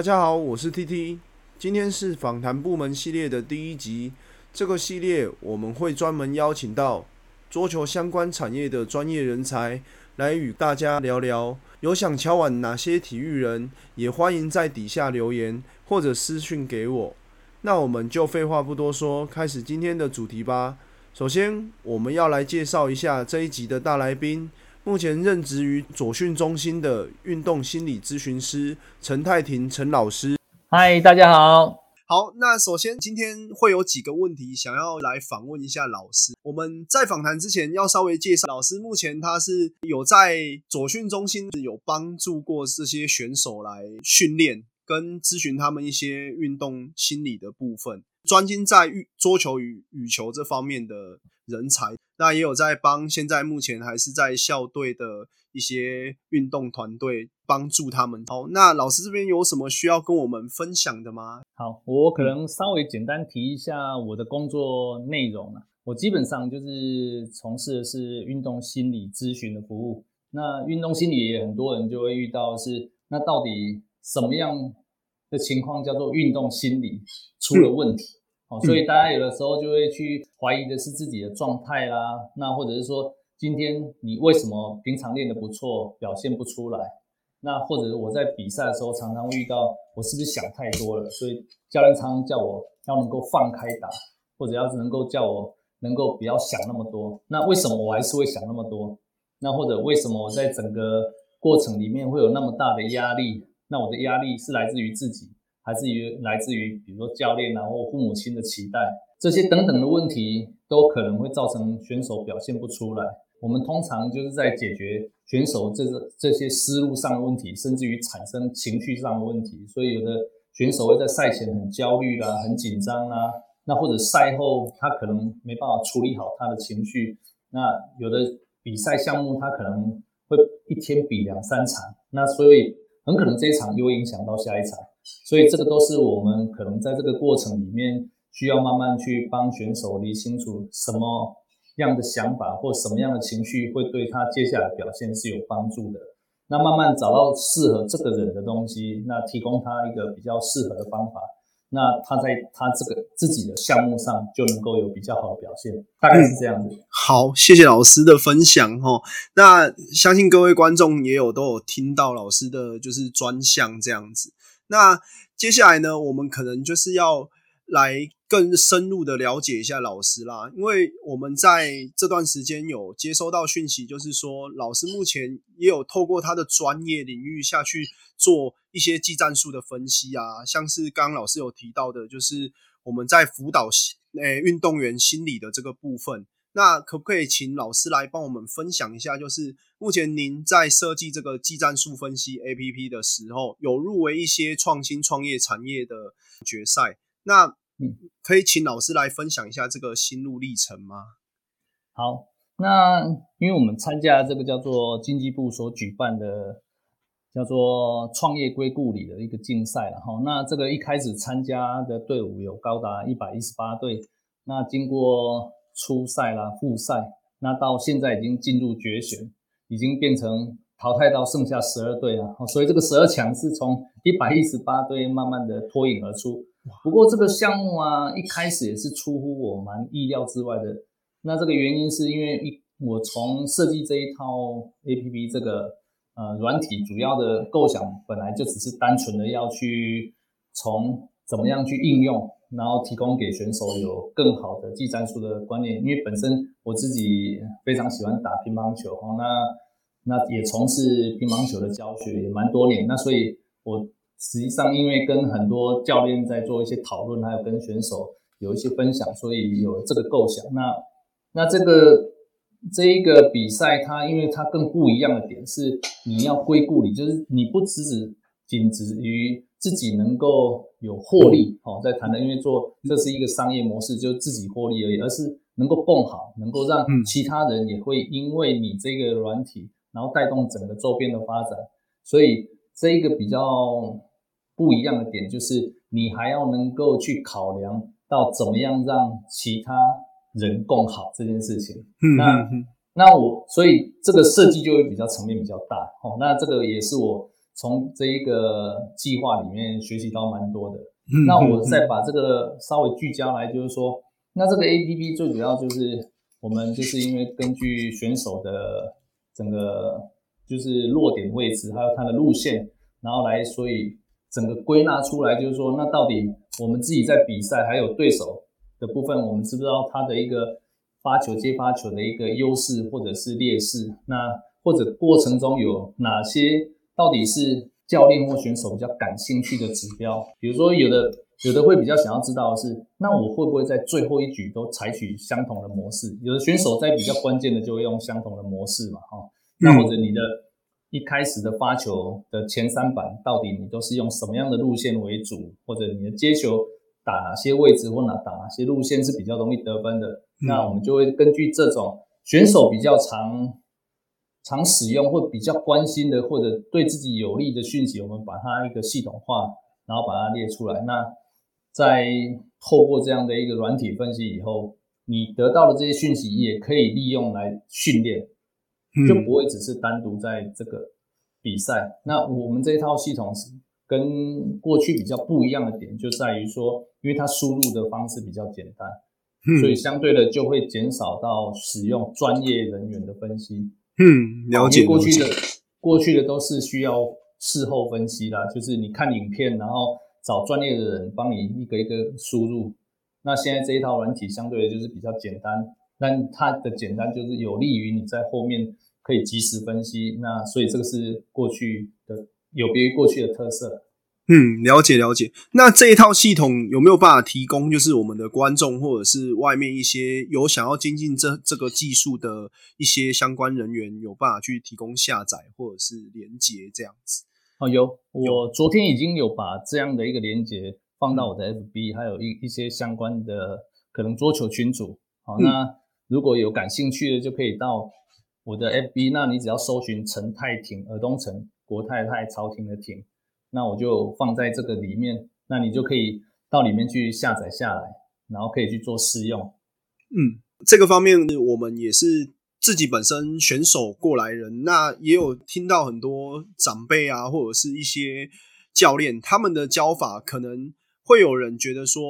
大家好，我是 TT，今天是訪談部門系列的第一集。這個系列我們會專門邀請到桌球相關產業的專業人才來與大家聊聊。有想敲碗哪些體育人，也歡迎在底下留言或者私訊給我。那我們就廢話不多說，開始今天的主題吧。首先，我們要來介紹一下這一集的大來賓。目前任職於左訓中心的運動心理諮詢師陳泰廷。陳老師，嗨，大家好。好，那首先今天會有幾個問題想要來訪問一下老師。我們在訪談之前要稍微介紹老師，目前他是有在左訓中心有幫助過這些選手來訓練跟諮詢他們一些運動心理的部分，專精在桌球與羽球這方面的人才，那也有在幫，現在目前還是在校隊的一些運動團隊幫助他們。好，那老師這邊有什麼需要跟我們分享的嗎？好，我可能稍微簡單提一下我的工作內容啊。我基本上就是從事的是運動心理諮詢的服務。那運動心理也很多人就會遇到是，那到底什麼樣的情況叫做運動心理出了問題？哦，所以大家有的時候就會去懷疑的是自己的狀態啦，那或者是說，今天你為什麼平常練得不錯，表現不出來？那或者我在比賽的時候常常會遇到，我是不是想太多了？所以教練常常叫我要能夠放開打，或者要是能夠叫我能夠不要想那麼多。那為什麼我還是會想那麼多？那或者為什麼我在整個過程裡面會有那麼大的壓力？那我的壓力是來自於自己。還是於來自於，比如說教練啊，或父母親的期待，這些等等的問題，都可能會造成選手表現不出來。我們通常就是在解決選手這個這些思路上的問題，甚至於產生情緒上的問題。所以有的選手會在賽前很焦慮啦、啊，很緊張啦、啊，那或者賽後他可能沒辦法處理好他的情緒。那有的比賽項目他可能會一天比兩三場，那所以很可能這一場又會影響到下一場。所以這個都是我們可能在這個過程裡面需要慢慢去幫選手理清楚什麼樣的想法或什麼樣的情緒會對他接下來表現是有幫助的。那慢慢找到適合這個人的東西，那提供他一個比較適合的方法，那他在他這個自己的項目上就能夠有比較好的表現。大概是這樣子。嗯、好，謝謝老師的分享齁。那相信各位觀眾也有都有聽到老師的就是專項這樣子。那接下來呢，我們可能就是要來更深入的了解一下老師啦，因為我們在這段時間有接收到訊息，就是說老師目前也有透過他的專業領域下去做一些技戰術的分析啊，像是剛剛老師有提到的，就是我們在輔導誒運動員心理的這個部分。那可不可以請老師來幫我們分享一下？就是目前您在設計這個技戰術分析 APP 的時候，有入圍一些創新創業產業的決賽。那你可以請老師來分享一下這個心路歷程嗎？嗯。好，那因為我們參加這個叫做經濟部所舉辦的叫做創業歸故里的一個競賽，然後那這個一開始參加的隊伍有高達一百一十八隊，那經過。初賽啦，複賽，那到現在已經進入決選，已經變成淘汰到剩下十二隊了。所以這個十二強是從一百一十八隊慢慢的脫穎而出。不過這個項目啊，一開始也是出乎我蠻意料之外的。那這個原因是因為一，我從設計這一套 APP 這個呃軟體主要的構想本來就只是單純的要去從怎麼樣去應用。然後提供給選手有更好的技戰術的觀念，因為本身我自己非常喜歡打乒乓球，那，那也從事乒乓球的教學也蠻多年，那所以，我實際上因為跟很多教練在做一些討論，還有跟選手有一些分享，所以有這個構想。那那這個這一個比賽，它因為它更不一樣的點是，你要歸故里，就是你不只止止僅止於。自己能夠有獲利，哦，在談的，因為做這是一個商業模式，就自己獲利而已，而是能夠共好，能夠讓其他人也會因為你這個軟體，然後帶動整個周邊的發展，所以這一個比較不一樣的點就是，你還要能夠去考量到怎麼樣讓其他人共好這件事情，嗯。那嗯那我，所以這個設計就會比較層面比較大，哦，那這個也是我。從這一個計劃裡面學習到蠻多的。 那我再把這個稍微聚焦來，就是說，那這個 APP 最主要就是我們就是因為根據選手的整個就是落點位置，還有他的路線，然後來，所以整個歸納出來就是說，那到底我們自己在比賽還有對手的部分，我們知不知道他的一個發球接發球的一個優勢或者是劣勢？那或者過程中有哪些？到底是教練或選手比較感興趣的指標，比如說有的有的會比較想要知道的是，那我會不會在最後一局都採取相同的模式？有的選手在比較關鍵的就會用相同的模式嘛，哈、哦。那或者你的一開始的發球的前三板，到底你都是用什麼樣的路線為主？或者你的接球打哪些位置或哪打哪些路線是比較容易得分的？那我們就會根據這種選手比較常。常使用或比較關心的或者對自己有利的訊息，我們把它一個系統化，然後把它列出來。那在透過這樣的一個軟體分析以後，你得到的這些訊息也可以利用來訓練，就不會只是單獨在這個比賽。那我們這套系統跟過去比較不一樣的點，就在於說，因為它輸入的方式比較簡單，所以相對的就會減少到使用專業人員的分析。嗯，了解。過去的、過去的都是需要事後分析啦，就是你看影片，然後找專業的人幫你一個一個輸入。那現在這一套軟體相對就是比較簡單，但它的簡單就是有利於你在後面可以即時分析。那所以這個是過去的，有別於過去的特色。嗯，了解了解。那這一套系統有沒有辦法提供？就是我們的觀眾，或者是外面一些有想要精進這這個技術的一些相關人員，有辦法去提供下載或者是連接這樣子？哦有，有。我昨天已經有把這樣的一個連接放到我的 FB，、嗯、還有一一些相關的可能桌球群組。好，嗯、那如果有感興趣的，就可以到我的 FB。那你只要搜尋陳泰廷、爾東城、國泰泰、朝廷的廷。那我就放在這個裡面，那你就可以到裡面去下載下來，然後可以去做試用。嗯，這個方面我們也是自己本身選手過來人，那也有聽到很多長輩啊，或者是一些教練，他們的教法可能會有人覺得說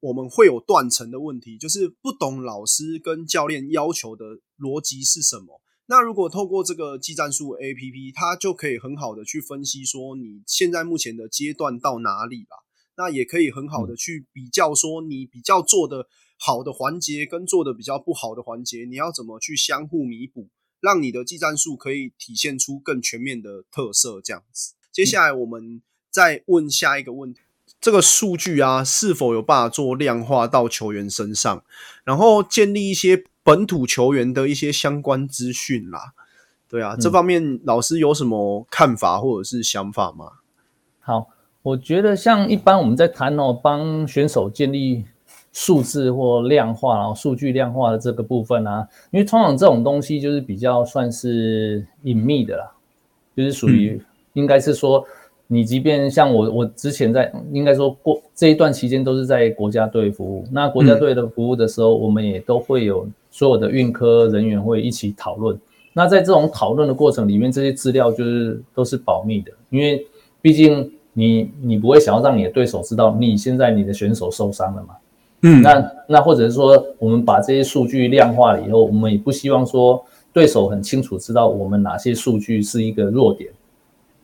我們會有斷層的問題，就是不懂老師跟教練要求的邏輯是什麼。那如果透過這個技戰術 APP，它就可以很好的去分析說你現在目前的階段到哪裡了，那也可以很好的去比較說你比較做的好的環節跟做的比較不好的環節，你要怎麼去相互彌補，讓你的技戰術可以體現出更全面的特色這樣子。接下來我們再問下一個問題。嗯，這個數據啊，是否有辦法做量化到球員身上，然後建立一些？本土球員的一些相關資訊啦，對啊，這方面老師有什麼看法或者是想法嗎？嗯，好，我覺得像一般我們在談哦，幫選手建立數字或量化，然後數據量化的這個部分呢、啊，因為通常這種東西就是比較算是隱秘的啦，就是屬於應該是說，你即便像我，我之前在應該說過這一段期間都是在國家隊服務，那國家隊的服務的時候，嗯，我們也都會有。所有的運科人員會一起討論。那在這種討論的過程裡面，這些資料就是都是保密的，因為畢竟你你不會想要讓你的對手知道你現在你的選手受傷了嘛。嗯。那那或者是說，我們把這些數據量化了以後，我們也不希望說對手很清楚知道我們哪些數據是一個弱點。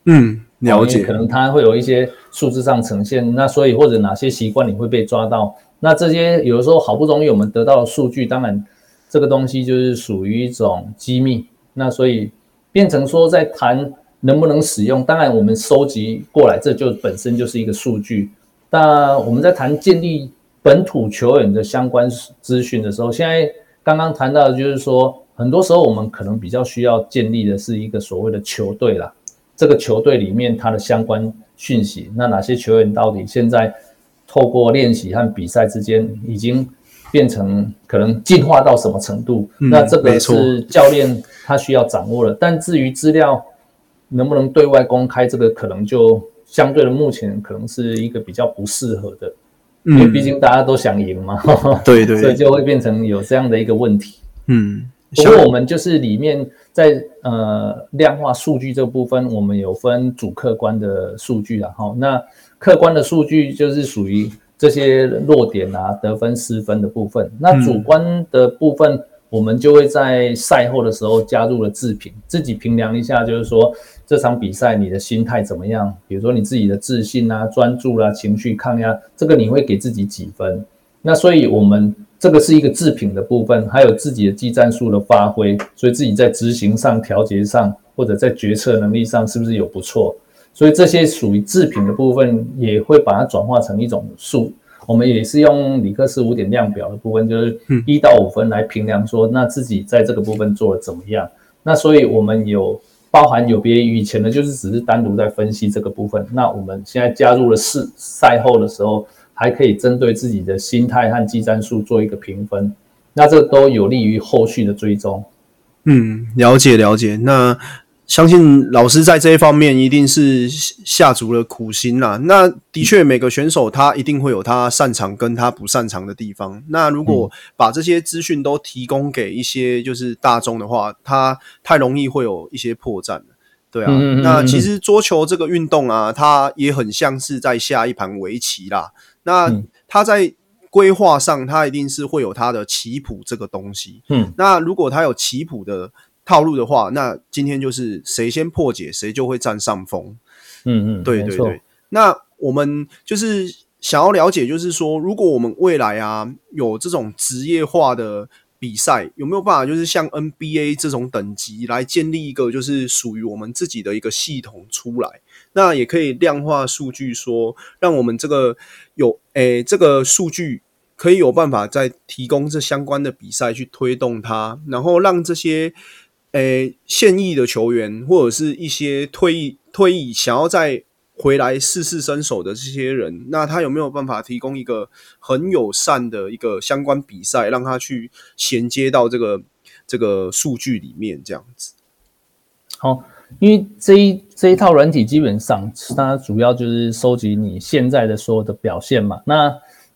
嗯，了解。可能他會有一些數字上呈現，那所以或者哪些習慣你會被抓到。那這些有的時候好不容易我們得到的數據，當然。這個東西就是屬於一種機密，那所以變成說在談能不能使用。當然，我們收集過來，這就本身就是一個數據。但我們在談建立本土球員的相關資訊的時候，現在剛剛談到的就是說，很多時候我們可能比較需要建立的是一個所謂的球隊啦。這個球隊裡面它的相關訊息，那哪些球員到底現在透過練習和比賽之間已經。變成可能進化到什麼程度，嗯、那這個是教練他需要掌握的，嗯。但至於資料能不能對外公開，這個可能就相對的目前可能是一個比較不適合的，嗯、因為畢竟大家都想贏嘛。對對，對呵呵，所以就會變成有這樣的一個問題。嗯，不我，我們就是裡面在呃量化數據這部分，我們有分主客觀的數據，然後那客觀的數據就是屬於這些弱點啊，得分失分的部分，那主觀的部分，嗯、我們就會在賽後的時候加入了自評。自己評量一下，就是說這場比賽你的心態怎麼樣？比如說你自己的自信啊、專注啊、情緒抗壓，這個你會給自己幾分？那所以，我們這個是一個自評的部分，還有自己的技戰術的發揮，所以自己在執行上、調節上或者在決策能力上是不是有不錯？所以這些屬於制品的部分，也會把它轉化成一種數。我們也是用李克特五點量表的部分，就是一到五分來評量說，那自己在這個部分做的怎麼樣。那所以我們有包含有別於以前的，就是只是單獨在分析這個部分。那我們現在加入了賽賽後的時候，還可以針對自己的心態和技戰術做一個評分。那這都有利於後續的追蹤。嗯，了解了解。那。相信老師在這一方面一定是下足了苦心啦。那的確，每個選手他一定會有他擅長跟他不擅長的地方。那如果把這些資訊都提供給一些就是大眾的話，他太容易會有一些破綻，對啊。嗯嗯嗯嗯，那其實桌球這個運動啊，它也很像是在下一盤圍棋啦。那他在規劃上，他一定是會有他的棋譜這個東西。嗯，那如果他有棋譜的套路的話，那今天就是誰先破解誰就會佔上風。嗯嗯，對對對。那我們就是想要了解，就是說，如果我們未來啊有這種職業化的比賽，有沒有辦法就是像 NBA 這種等級來建立一個就是屬於我們自己的一個系統出來？那也可以量化數據說，說讓我們這個有誒這個數據可以有辦法再提供這相關的比賽去推動它，然後讓這些。誒、欸，現役的球員或者是一些退役退役想要再回來試試身手的這些人，那他有沒有辦法提供一個很友善的一個相關比賽，讓他去銜接到這個這個數據裡面這樣子？好，因為這一這一套軟體基本上它主要就是收集你現在的所有的表現嘛。那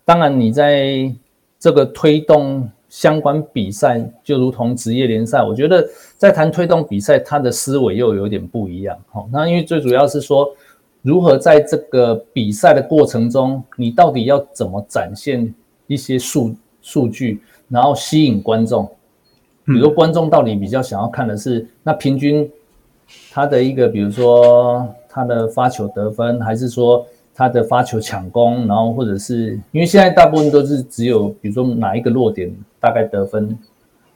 當然，你在這個推動。相關比賽就如同職業聯賽，我覺得在談推動比賽，他的思維又有點不一樣。哦，那因為最主要是說，如何在這個比賽的過程中，你到底要怎麼展現一些數數據，然後吸引觀眾。比如觀眾到底比較想要看的是，那平均他的一個，比如說他的發球得分，還是說他的發球搶攻，然後或者是因為現在大部分都是只有，比如說哪一個弱點。大概得分，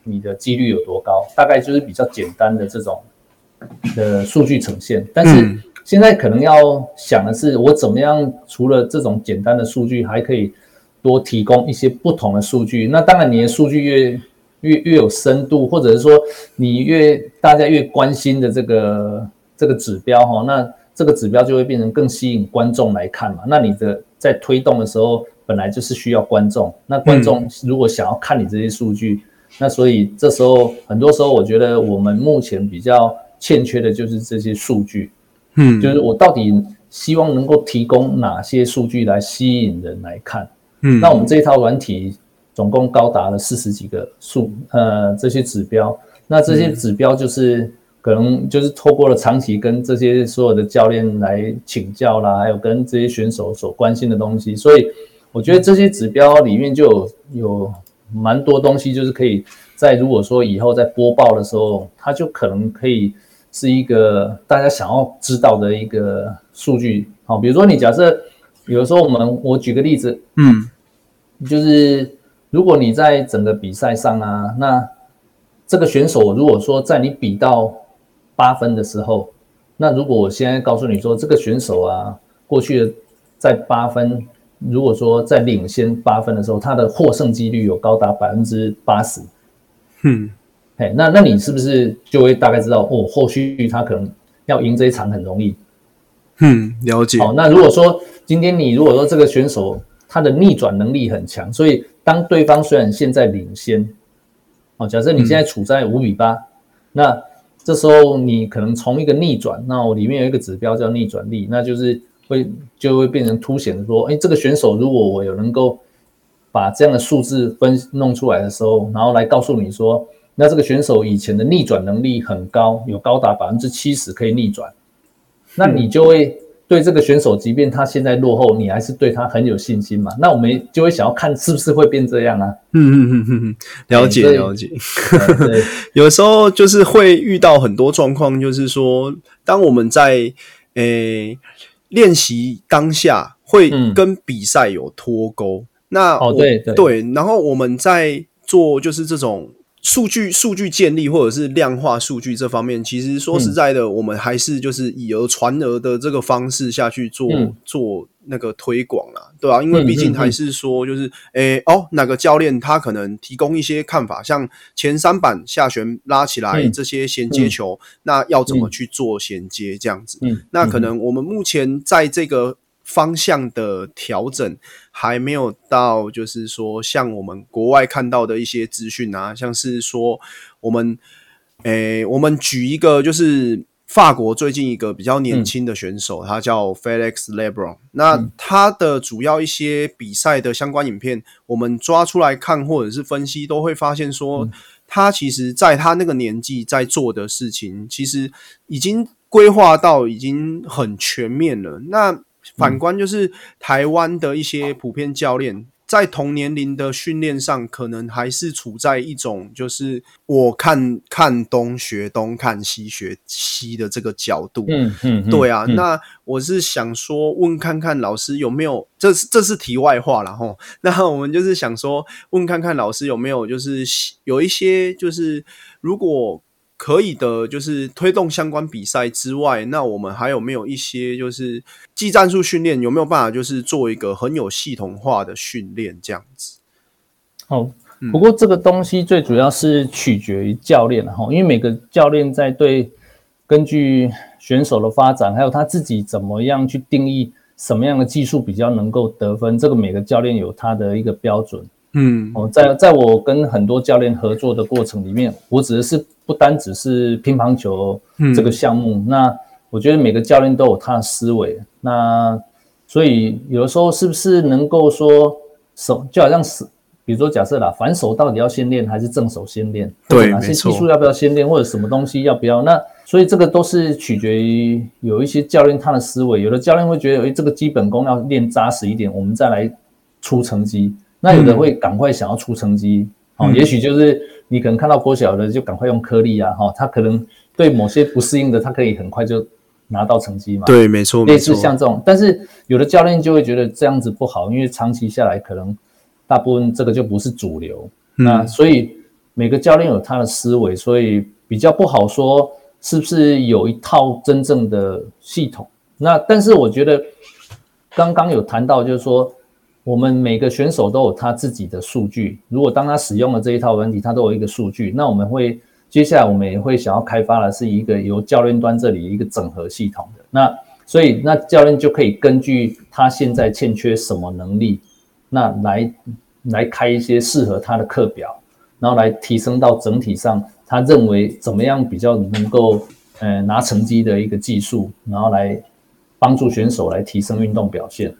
你的幾率有多高？大概就是比較簡單的這種的數據呈現。但是現在可能要想的是，我怎麼樣除了這種簡單的數據，還可以多提供一些不同的數據。那當然，你的數據越越越有深度，或者是說你越大家越關心的這個這個指標哈，那這個指標就會變成更吸引觀眾來看嘛。那你的在推動的時候。本來就是需要觀眾，那觀眾如果想要看你這些數據，嗯，那所以這時候很多時候，我覺得我們目前比較欠缺的就是這些數據，嗯，就是我到底希望能夠提供哪些數據來吸引人來看，嗯，那我們這一套軟體總共高達了四十幾個數，呃，這些指標，那這些指標就是可能就是透過了長期跟這些所有的教練來請教啦，還有跟這些選手所關心的東西，所以。我覺得這些指標裡面就有有蠻多東西，就是可以在如果說以後在播報的時候，它就可能可以是一個大家想要知道的一個數據。好，比如說你假設，有時候我們我舉個例子，嗯，就是如果你在整個比賽上啊，那這個選手如果說在你比到八分的時候，那如果我現在告訴你說這個選手啊，過去在八分。如果說在領先八分的時候，他的獲勝幾率有高達百分之八十，哼、嘿，那那你是不是就會大概知道哦，後續他可能要贏這一場很容易？哼、嗯，了解。好、哦，那如果說今天你如果說這個選手他的逆轉能力很強，所以當對方雖然現在領先，哦，假設你現在處在五比八、嗯，那這時候你可能從一個逆轉，那我裡面有一個指標叫逆轉力，那就是。會就會變成凸顯的說，誒、欸，這個選手如果我有能夠把這樣的數字分弄出來的時候，然後來告訴你說，那這個選手以前的逆轉能力很高，有高達百分之七十可以逆轉，那你就會對這個選手，嗯、即便他現在落後，你還是對他很有信心嘛？那我們就會想要看是不是會變這樣啊？嗯嗯嗯嗯，了解、欸、了解， 有時候就是會遇到很多狀況，就是說，當我們在誒。欸練習當下會跟比賽有脫鈎，嗯、那哦對對，對，然後我們在做就是這種。數據數據建立或者是量化數據這方面，其實說實在的，嗯、我們還是就是以訛傳訛的這個方式下去做、嗯、做那個推廣了、啊，對吧、啊？因為畢竟還是說就是，誒、嗯嗯嗯欸、哦，哪個教練他可能提供一些看法，像前三板下旋拉起來這些銜接球、嗯嗯，那要怎麼去做銜接這樣子、嗯嗯嗯？那可能我們目前在這個。方向的調整還沒有到，就是說，像我們國外看到的一些資訊啊，像是說我們，誒、欸，我們舉一個，就是法國最近一個比較年輕的選手、嗯，他叫 Felix Lebron、嗯。那他的主要一些比賽的相關影片、嗯，我們抓出來看或者是分析，都會發現說、嗯，他其實在他那個年紀在做的事情，其實已經規劃到已經很全面了。那反觀就是台灣的一些普遍教練，在同年齡的訓練上，可能還是處在一種就是我看看東學東，看西學西的這個角度。嗯嗯，嗯，對啊。那我是想說，問看看老師有沒有，這是這是題外話啦。齁。那我們就是想說，問看看老師有沒有，就是有一些就是如果。可以的，就是推動相關比賽之外，那我們還有沒有一些就是技戰術訓練？有沒有辦法就是做一個很有系統化的訓練這樣子？哦、嗯，不過這個東西最主要是取決於教練哈，因為每個教練在對根據選手的發展，還有他自己怎麼樣去定義什麼樣的技術比較能夠得分，這個每個教練有他的一個標準。嗯，在在我跟很多教練合作的過程裡面，我指的是不單只是乒乓球這個項目。嗯、那我覺得每個教練都有他的思維，那所以有的時候是不是能夠說手，就好像是比如說假設啦，反手到底要先練還是正手先練？對，哪些技術要不要先練，或者什麼東西要不要？那所以這個都是取決於有一些教練他的思維，有的教練會覺得誒，這個基本功要練扎實一點，我們再來出成績。那有的會趕快想要出成績，嗯，也許就是你可能看到波小的就趕快用顆粒啊。哈、嗯,他可能對某些不適應的，他可以很快就拿到成績嘛。對，沒錯。類似像這種，但是有的教練就會覺得這樣子不好，因為長期下來可能大部分這個就不是主流。嗯、那所以每個教練有他的思維，所以比較不好說是不是有一套真正的系統。那但是我覺得剛剛有談到就是說。我們每個選手都有他自己的數據。如果當他使用了這一套問題，他都有一個數據，那我們會接下來我們也會想要開發的，是一個由教練端這裡一個整合系統的。那所以那教練就可以根據他現在欠缺什麼能力，那來來開一些適合他的課表，然後來提升到整體上他認為怎麼樣比較能夠呃拿成績的一個技術，然後來幫助選手來提升運動表現。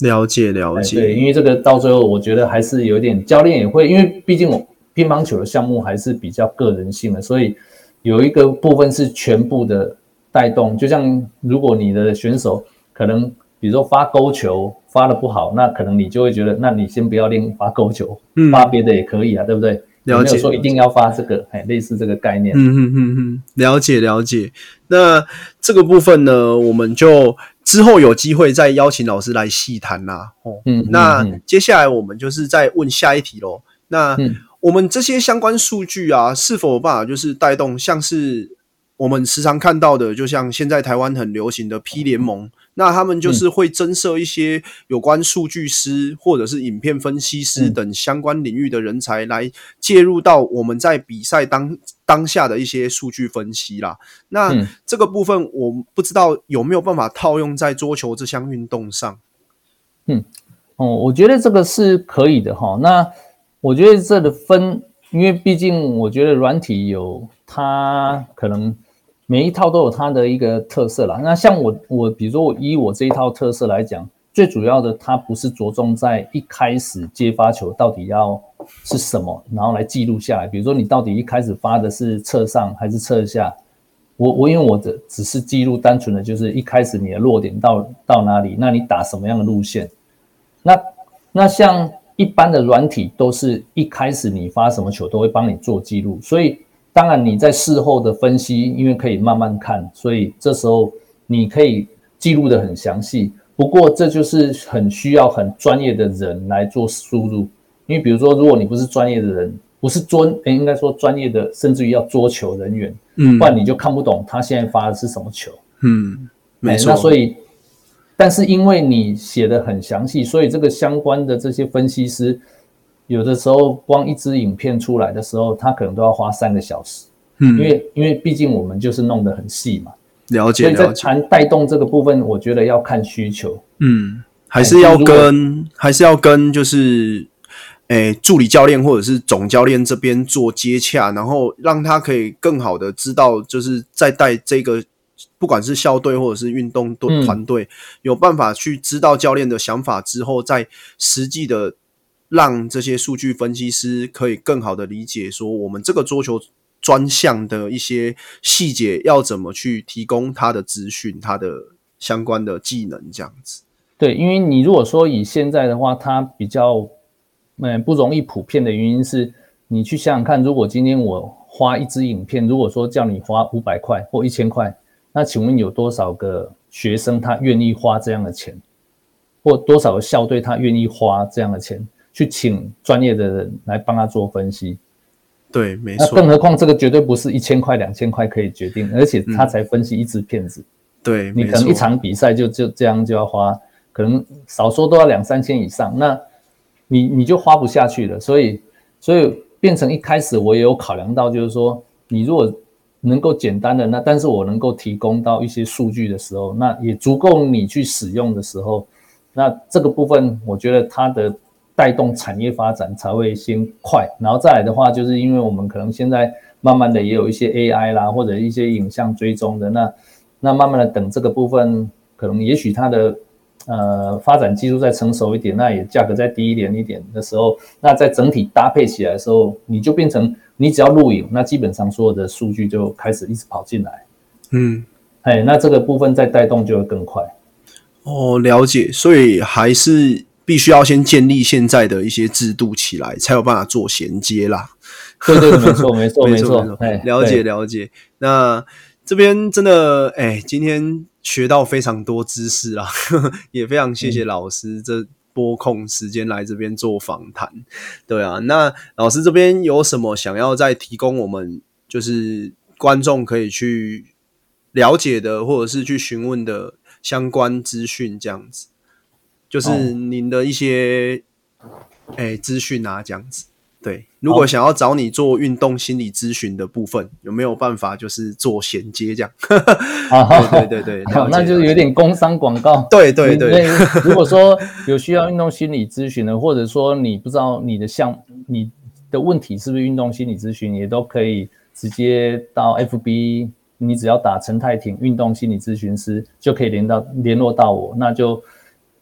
了解了解、哎，對，因為這個到最後，我覺得還是有點教練也會，因為畢竟我乒乓球的項目還是比較個人性的，所以有一個部分是全部的帶動。就像如果你的選手可能，比如說發勾球發的不好，那可能你就會覺得，那你先不要練發勾球，嗯、發別的也可以啊，對不對？了解，沒有說一定要發這個，哎，類似這個概念。嗯嗯嗯嗯，了解了解。那這個部分呢，我們就。之後有機會再邀請老師來細談啦、啊，哦，嗯、那、嗯嗯、接下來我們就是再問下一題嘍。那、嗯、我們這些相關數據啊，是否有辦法就是帶動，像是我們時常看到的，就像現在台灣很流行的 P 聯盟。嗯那他們就是會增設一些有關數據師或者是影片分析師等相關領域的人才來介入到我們在比賽當當下的一些數據分析啦。那這個部分我不知道有沒有辦法套用在桌球這項運動上嗯。嗯，哦，我覺得這個是可以的哈、哦。那我覺得這個分，因為畢竟我覺得軟體有它可能。每一套都有它的一個特色啦。那像我，我比如說我以我這一套特色來講，最主要的它不是着重在一開始接發球到底要是什麼，然後來記錄下來。比如說你到底一開始發的是側上還是側下，我我因為我的只是記錄，單純的就是一開始你的落點到到哪裡，那你打什麼樣的路線。那那像一般的軟體都是一開始你發什麼球都會幫你做記錄，所以。當然，你在事後的分析，因為可以慢慢看，所以這時候你可以記錄的很詳細。不過，這就是很需要很專業的人來做輸入，因為比如說，如果你不是專業的人，不是專、欸，應該說專業的，甚至於要桌球人員，嗯，不然你就看不懂他現在發的是什麼球。嗯，沒錯。欸、那所以，但是因為你寫的很詳細，所以這個相關的這些分析師。有的時候，光一支影片出來的時候，他可能都要花三個小時，嗯，因為因為畢竟我們就是弄得很細嘛，了解了解。談帶動這個部分，我覺得要看需求，嗯，還是要跟還是要跟就是，誒，助理教練或者是總教練這邊做接洽，然後讓他可以更好的知道，就是在帶這個不管是校隊或者是運動團隊，有辦法去知道教練的想法之後，在實際的。讓這些數據分析師可以更好地理解，說我們這個桌球專項的一些細節要怎麼去提供他的資訊，他的相關的技能這樣子。對，因為你如果說以現在的話，它比較嗯、呃、不容易普遍的原因是，你去想想看，如果今天我花一支影片，如果說叫你花五百塊或一千塊，那請問有多少個學生他願意花這樣的錢，或多少個校隊他願意花這樣的錢？去請專業的人來幫他做分析，對，沒錯。那、啊、更何況這個絕對不是一千塊、兩千塊可以決定，而且他才分析一支片子，嗯、對，沒錯。你可能一場比賽就就這樣就要花，可能少說都要兩三千以上，那你，你你就花不下去了。所以，所以變成一開始我也有考量到，就是說你如果能夠簡單的那，但是我能夠提供到一些數據的時候，那也足夠你去使用的時候，那這個部分我覺得它的。帶動產業發展才會先快，然後再來的話，就是因為我們可能現在慢慢的也有一些 AI 啦，或者一些影像追蹤的，那那慢慢的等這個部分，可能也許它的呃發展技術再成熟一點，那也價格再低一點一點的時候，那在整體搭配起來的時候，你就變成你只要錄影，那基本上所有的數據就開始一直跑進來。嗯，哎，那這個部分再帶動就會更快，哦，了解，所以還是。必須要先建立現在的一些制度起來，才有辦法做銜接啦。對對，對 沒錯，沒錯沒錯沒錯哎，了解了解。那這邊真的，哎、欸，今天學到非常多知識啊， 也非常謝謝老師這撥空時間來這邊做訪談，嗯。對啊，那老師這邊有什麼想要再提供我們，就是觀眾可以去了解的，或者是去詢問的相關資訊，這樣子。就是您的一些資訊、oh. 啊，這樣子。對，如果想要找你做運動心理諮詢的部分，oh. 有沒有辦法就是做銜接這樣？啊、oh. 對對對對，oh. 那就是有點工商廣告。 對對對，如果說有需要運動心理諮詢的， 或者說你不知道你的項、你的問題是不是運動心理諮詢，也都可以直接到 FB，你只要打陳泰廷運動心理諮詢師，就可以聯到聯絡到我，那就。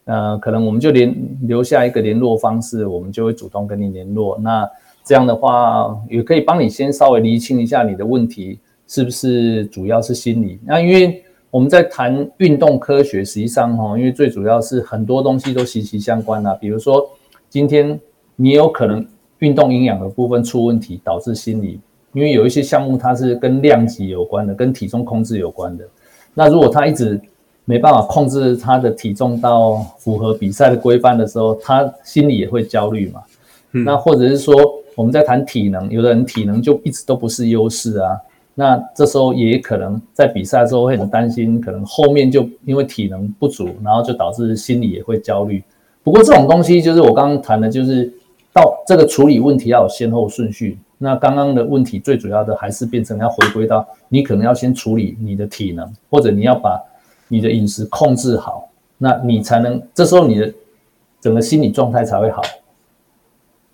呃，可能我們就聯留下一個聯絡方式，我們就會主動跟你聯絡。那這樣的話，也可以幫你先稍微釐清一下你的問題是不是主要是心理。那因為我們在談運動科學，實際上哈，因為最主要是很多東西都息息相關啦、啊。比如說今天你有可能運動營養的部分出問題，導致心理。因為有一些項目它是跟量級有關的，跟體重控制有關的。那如果它一直。沒辦法控制他的體重到符合比賽的規範的時候，他心裡也會焦慮嘛、嗯。那或者是說，我們在談體能，有的人體能就一直都不是優勢啊。那這時候也可能在比賽的時候會很擔心，可能後面就因為體能不足，然後就導致心裡也會焦慮。不過這種東西就是我剛剛談的，就是到這個處理問題要有先後順序。那剛剛的問題最主要的還是變成要回歸到你可能要先處理你的體能，或者你要把。你的飲食控制好，那你才能這時候你的整個心理狀態才會好。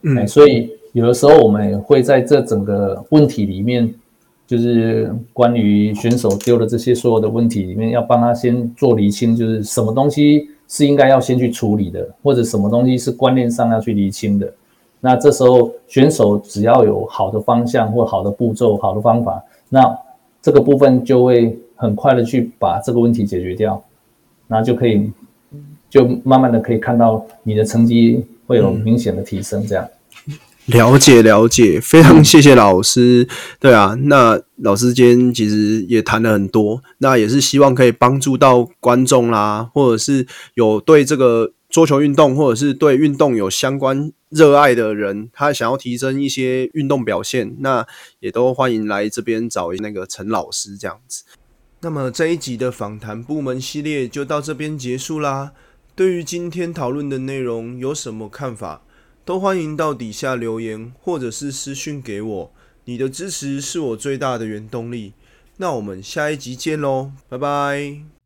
嗯，欸，所以有的時候我們也會在這整個問題裡面，就是關於選手丟了這些所有的問題裡面，要幫他先做釐清，就是什麼東西是應該要先去處理的，或者什麼東西是觀念上要去釐清的。那這時候選手只要有好的方向或好的步驟、好的方法，那這個部分就會很快的去把這個問題解決掉，那就可以，就慢慢的可以看到你的成績會有明顯的提升。這樣，嗯、了解了解，非常謝謝老師。對啊，那老師今天其實也談了很多，那也是希望可以幫助到觀眾啦、啊，或者是有對這個桌球運動或者是對運動有相關熱愛的人，他想要提升一些運動表現，那也都歡迎來這邊找一個那個陳老師這樣子。那麼這一集的訪談部門系列，就到這邊結束啦。對於今天討論的內容有什麼看法，都歡迎到底下留言或者是私訊給我。你的支持是我最大的原動力。那我們下一集見嘍，拜拜。